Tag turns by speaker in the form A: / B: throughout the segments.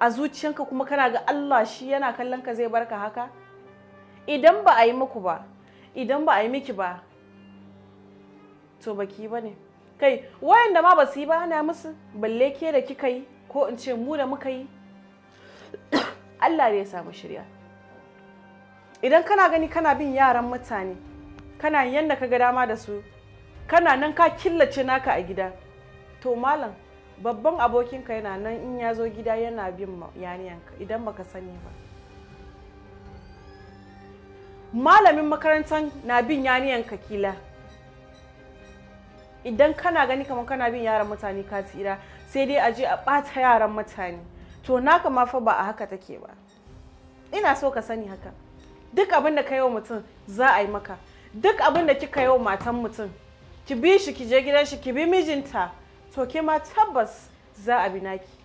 A: a zuciyanka kuma kana ga Allah shi yana kallon ka zai barka haka idan ba a yi muku ba idan ba a yi miki ba to baki ba ne kai wayanda ma ba su yi ba ana musu balle ke da kika yi ko in ce mu da muka yi Allah ne ya samu shirya idan kana gani kana bin yaran mutane kana yanda ka ga dama da su kana nan ka killace naka a gida to malam babban abokinka yana nan in ya zo gida yana bin yaniyanka idan baka sani ba malamin makarantar na bin yaniyanka kila idan kana gani kamar kana bin yaran mutane ka tsira sai dai aje a ɓata yaran mutane to naka ma fa ba a haka take ba ina so ka sani haka duk abin da ka yi wa mutum za a yi maka duk abin da kika yi wa matan mutum ki bi shi ki je gidan shi ki bi mijinta to ke ma tabbas za a bi naki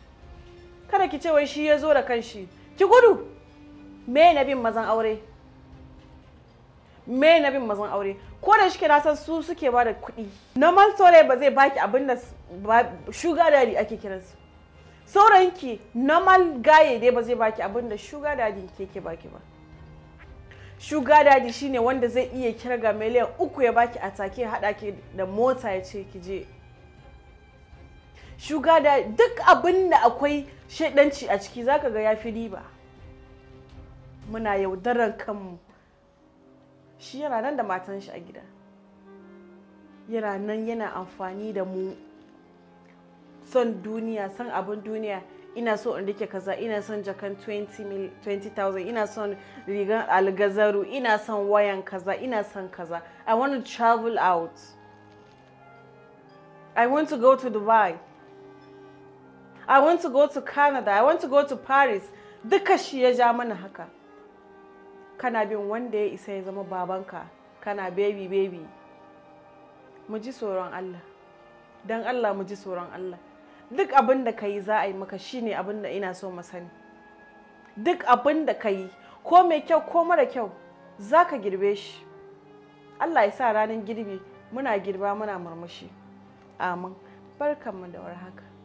A: kada ki ce wai shi ya zo da kanshi ki gudu me na bin mazan aure me na bin mazan aure ko da shi na san su suke ba da kuɗi na saurayi ba zai baki abin da shuga dadi ake kiransu sauranki mal gaye dai ba zai baki abin da shuga dadi ke ke baki ba shuga dadi shine wanda zai iya kirga miliyan uku ya baki a take haɗa ke da mota ya ce ki je shuga da duk abin da akwai shaidanci a ciki zaka ga ya fi riba muna yaudarar kanmu shi yana nan da matan shi a gida yana nan yana amfani da mu son duniya son abin duniya ina so in rike kaza ina son jakan 20,000 ina son rigan algazaru ina son wayan kaza ina son kaza i want to travel out i want to go to dubai I want to go to Canada, I want to go to Paris, duka shi ya ja mana haka. Kana bin wanda ya isa ya zama babanka, kana baby baby. Mu ji tsoron Allah, don Allah mu ji tsoron Allah. Duk abin da ka yi za a yi maka shi ne abin da ina so sani. Duk abin da ka yi, ko mai kyau ko mara kyau, za ka girbe shi. Allah ya sa ranar girbi muna girba muna murmushi. Amin. Barkanmu da warhaka. haka.